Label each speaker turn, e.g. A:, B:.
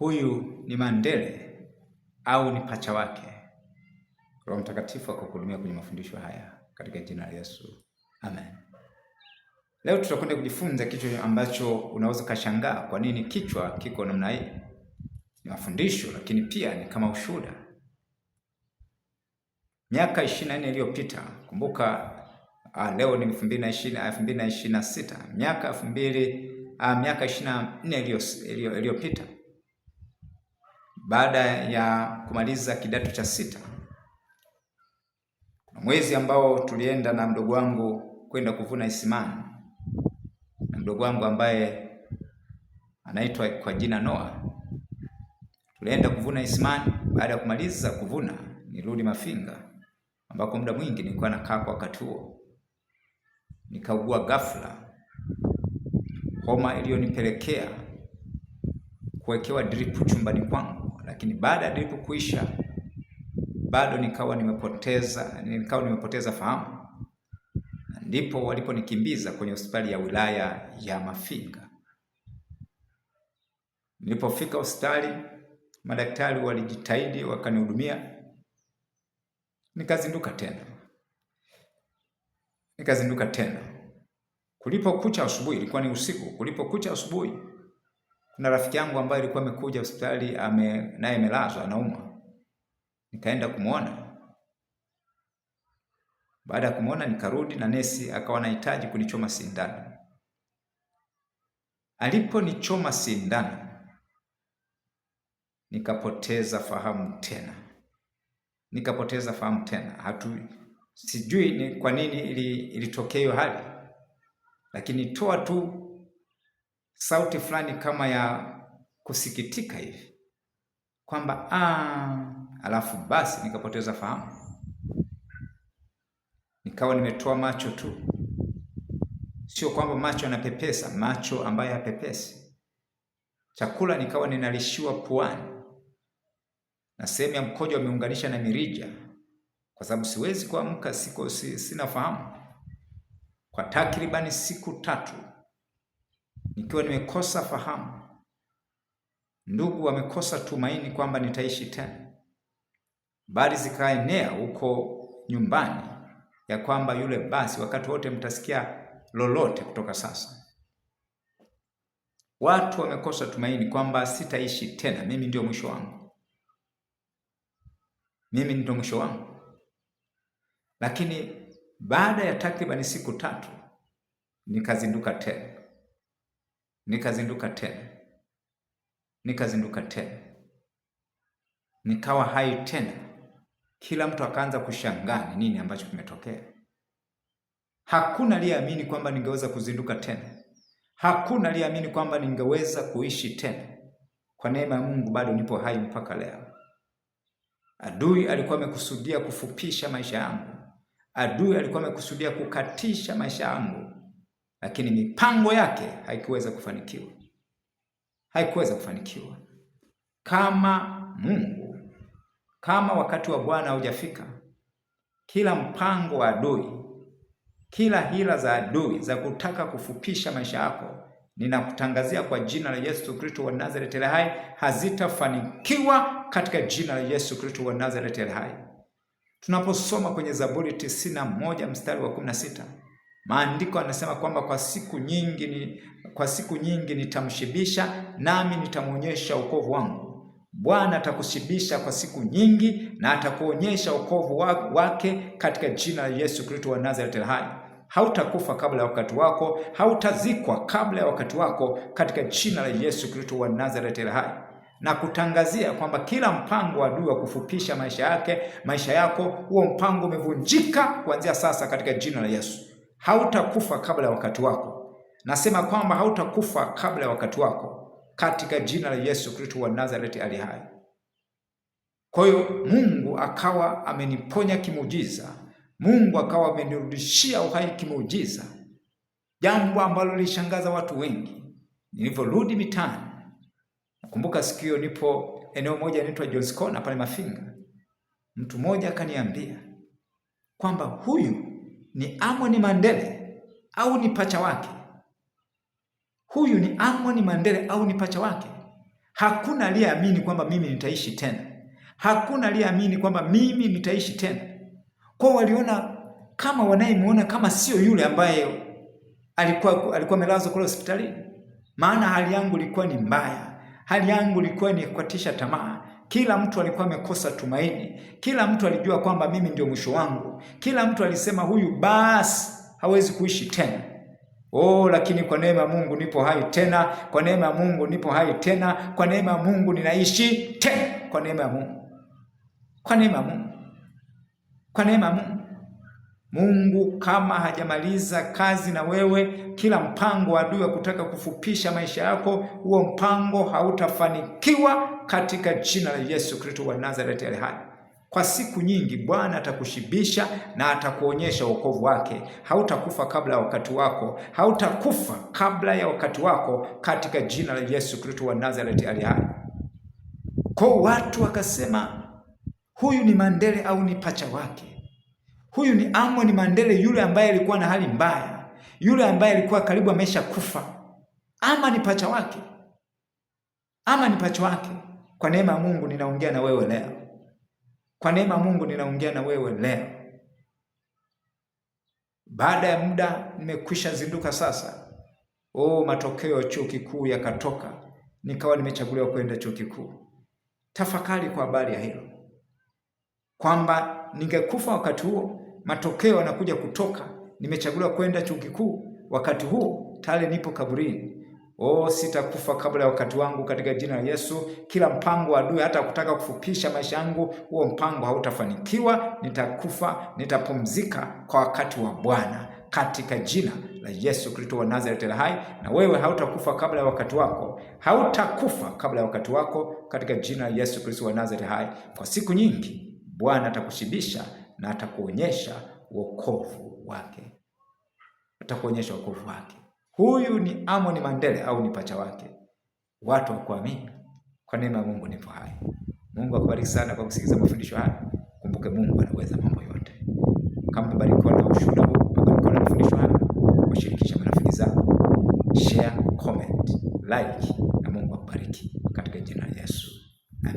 A: huyu ni Mandele au ni pacha wake? Roho Mtakatifu akuhudumia kwenye mafundisho haya katika jina la Yesu, amen. Leo tutakwenda kujifunza kichwa ambacho unaweza kashangaa kwa nini kichwa kiko namna hii. Ni mafundisho lakini pia ni kama ushuhuda. Miaka 24 iliyopita, kumbuka a, ah, leo ni 2020 2026, ah, miaka 2000 ah, miaka 24 iliyopita baada ya kumaliza kidato cha sita. Kuna mwezi ambao tulienda na mdogo wangu kwenda kuvuna isimani, na mdogo wangu ambaye anaitwa kwa jina Noah. Tulienda kuvuna isimani. Baada ya kumaliza kuvuna, nirudi Mafinga ambako muda mwingi nilikuwa nakaa kwa wakati huo. Nikaugua ghafla, homa iliyonipelekea kuwekewa drip chumbani kwangu lakini baada ya dripu kuisha bado nikawa nimepoteza nikawa nimepoteza fahamu, ndipo waliponikimbiza kwenye hospitali ya wilaya ya Mafinga. Nilipofika hospitali, madaktari walijitahidi wakanihudumia, nikazinduka tena, nikazinduka tena. Kulipokucha asubuhi, ilikuwa ni usiku, kulipokucha asubuhi kuna rafiki yangu ambaye alikuwa amekuja hospitali ame naye amelazwa anaumwa, nikaenda kumwona. Baada ya kumwona nikarudi, na nesi akawa anahitaji kunichoma sindano. Aliponichoma sindano, nikapoteza fahamu tena, nikapoteza fahamu tena. Hatu sijui ni kwa nini ilitokea hiyo hali, lakini toa tu sauti fulani kama ya kusikitika hivi kwamba ah, alafu basi nikapoteza fahamu, nikawa nimetoa macho tu. Sio kwamba macho yanapepesa, macho ambayo yapepesi. Chakula nikawa ninalishiwa puani na sehemu ya mkojo wameunganisha na mirija, kwa sababu siwezi kuamka, siko sina fahamu kwa takribani siku tatu nikiwa nimekosa fahamu, ndugu wamekosa tumaini kwamba nitaishi tena, bali zikaenea huko nyumbani ya kwamba yule basi, wakati wote mtasikia lolote kutoka sasa. Watu wamekosa tumaini kwamba sitaishi tena, mimi ndio mwisho wangu, mimi ndio mwisho wangu. Lakini baada ya takribani siku tatu nikazinduka tena nikazinduka tena, nikazinduka tena, nikawa hai tena. Kila mtu akaanza kushangaa ni nini ambacho kimetokea. Hakuna aliyeamini kwamba ningeweza kuzinduka tena, hakuna aliyeamini kwamba ningeweza kuishi tena. Kwa neema ya Mungu bado nipo hai mpaka leo. Adui alikuwa amekusudia kufupisha maisha yangu, adui alikuwa amekusudia kukatisha maisha yangu lakini mipango yake haikuweza kufanikiwa, haikuweza kufanikiwa. Kama Mungu, kama wakati wa Bwana haujafika, kila mpango wa adui, kila hila za adui za kutaka kufupisha maisha yako ninakutangazia kwa jina la Yesu Kristo wa Nazareti aliye hai, hazitafanikiwa katika jina la Yesu Kristo wa Nazareti aliye hai. Tunaposoma kwenye Zaburi tisini na moja mstari wa kumi na sita Maandiko anasema kwamba kwa siku nyingi ni, kwa siku nyingi nitamshibisha nami nitamwonyesha wokovu wangu. Bwana atakushibisha kwa siku nyingi na atakuonyesha wokovu wake katika jina la Yesu Kristo wa Nazareti hai. Hautakufa kabla ya wakati wako, hautazikwa kabla ya wakati wako katika jina la Yesu Kristo wa Nazareti hai. Na kutangazia kwamba kila mpango wa adui wa kufupisha maisha yake, maisha yako, huo mpango umevunjika kuanzia sasa katika jina la Yesu hautakufa kabla ya wakati wako. Nasema kwamba hautakufa kabla ya wakati wako, katika jina la Yesu Kristo wa Nazareti ali hai. Kwa hiyo Mungu akawa ameniponya kimuujiza, Mungu akawa amenirudishia uhai kimuujiza, jambo ambalo lilishangaza watu wengi. Nilivyorudi mitani, nakumbuka siku hiyo nipo eneo moja inaitwa Jones Corner pale Mafinga, mtu mmoja akaniambia kwamba huyu ni Amoni Mandele au ni pacha wake? Huyu ni Amoni Mandele au ni pacha wake? Hakuna aliyeamini kwamba mimi nitaishi tena, hakuna aliyeamini kwamba mimi nitaishi tena. Kwa waliona kama wanayemuona kama sio yule ambaye alikuwa alikuwa amelazwa kule hospitalini, maana hali yangu ilikuwa ni mbaya, hali yangu ilikuwa ni kukatisha tamaa, kila mtu alikuwa amekosa tumaini, kila mtu alijua kwamba mimi ndio mwisho wangu, kila mtu alisema huyu basi hawezi kuishi tena. Oh, lakini kwa neema ya Mungu nipo hai tena, kwa neema ya Mungu nipo hai tena, kwa neema ya Mungu ninaishi tena, kwa neema ya Mungu, kwa neema ya Mungu, kwa neema ya Mungu. Mungu kama hajamaliza kazi na wewe, kila mpango wa adui wa kutaka kufupisha maisha yako, huo mpango hautafanikiwa katika jina la Yesu Kristo wa Nazareti ali hai. Kwa siku nyingi Bwana atakushibisha na atakuonyesha wokovu wake. Hautakufa kabla ya wakati wako, hautakufa kabla ya wakati wako, katika jina la Yesu Kristo wa Nazareti ali hai. Kwa watu wakasema, huyu ni Mandele au ni pacha wake? Huyu ni Amon Mandele, yule ambaye alikuwa na hali mbaya, yule ambaye alikuwa karibu amesha kufa, ama ni pacha wake, ama ni pacha wake. Kwa neema ya Mungu ninaongea na wewe leo. Kwa neema ya Mungu ninaongea na wewe leo. Baada ya muda nimekwisha zinduka sasa. Oh, matokeo ya chuo kikuu yakatoka, nikawa nimechaguliwa kwenda chuo kikuu. Tafakari kwa habari ya hilo kwamba ningekufa wakati huo, matokeo yanakuja kutoka, nimechaguliwa kwenda chuo kikuu, wakati huo tayari nipo kaburini. O, oh, sitakufa kabla ya wakati wangu katika jina la Yesu. Kila mpango wa adui hata kutaka kufupisha maisha yangu, huo mpango hautafanikiwa. Nitakufa, nitapumzika kwa wakati wa Bwana katika jina la Yesu Kristo wa Nazareti la hai. Na wewe hautakufa kabla ya wakati wako, hautakufa kabla ya wakati wako katika jina la Yesu Kristo wa Nazareti hai. Kwa siku nyingi Bwana atakushibisha na atakuonyesha wokovu wake, atakuonyesha wokovu wake huyu ni Amon Mandele au ni pacha wake. Watu wakuamini. Kwa neema ya Mungu nipo hai. Mungu akubariki sana kwa kusikiliza mafundisho haya. Kumbuke Mungu anaweza mambo yote. Kama umebarikiwa na ushuhuda huu, umebarikiwa na mafundisho haya, washirikisha marafiki zako. Share, comment, like na Mungu akubariki katika jina la Yesu.